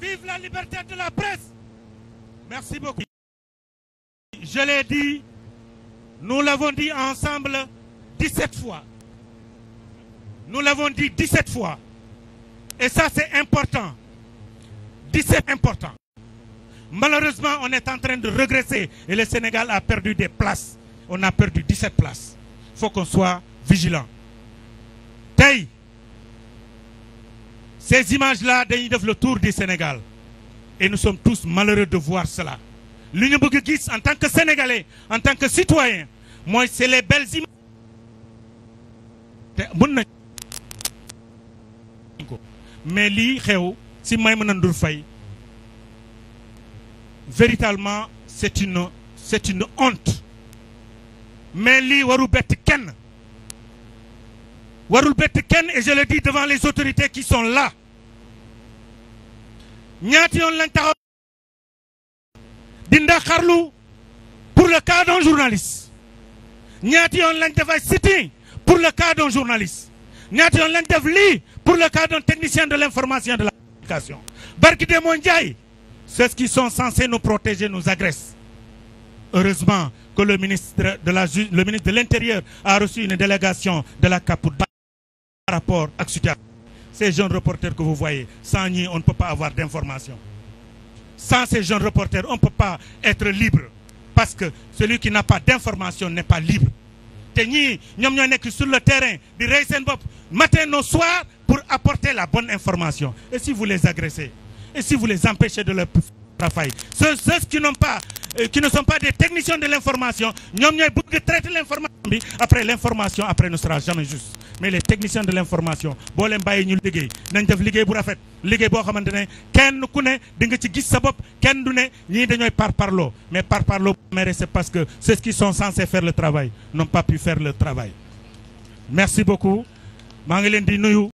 Vive la liberté de la presse. Merci beaucoup. Je l'ai dit, nous l'avons dit ensemble 17 fois. Nous l'avons dit 17 fois. Et ça, c'est important. 17 important. Malheureusement, on est en train de regresser et le Sénégal a perdu des places. On a perdu 17 places. Il faut qu'on soit vigilant. ces images-là dañuy def le tour du Sénégal et nous sommes tous malheureux de voir cela li ñu bëgg gis en tant que Sénégalais en tant que citoyen mooy c'est les belles images te mën nañ ko mais lii xew si Maïmouna Ndour Faye véritablement c'est une c'est honte mais lii waru bett kenn warul bett kenn et je le dis devant les autorités qui sont là ñaata yoon lañ taxaw di ndaxarlu pour le cas d'un journaliste ñaata yoon lañ def ay pour le cas d'un journaliste ñaata yoon lañ def pour le cas d'un technicien de l'information de la communication barki Demba Ndiaye c'est ce qui sont censés nous protéger nous agressent heureusement que le ministre de la le ministre de l'Intérieur a reçu une délégation de la CAPUD par rapport ak situation ces jeunes reporters que vous voyez sans ñi on ne peut pas avoir d'information sans ces jeunes reporters on ne peut pas être libre parce que celui qui n'a pas d'information n'est pas libre te ñii ñoom ñoo nekk sur le terrain di rey seen bopp matin au soir pour apporter la bonne information et si vous les agressez et si vous les empêchez de leur travail ceux ceux qui n'ont pas euh, qui ne sont pas des techniciens de l'information ñoom ñooy bëgg traiter l'information mais les techniciens de l'information boo leen bàyyi ñu liggéey nañ def liggéey bu rafet liggéey boo xamante ne kenn ku ne di nga ci gis sa bopp kenn du ne ñii dañooy par parloo mais par parloo mere c'est parce que ceux qui sont censés faire le travail non pas pu faire le travail merci beaucoup maa ngi leen di nuyu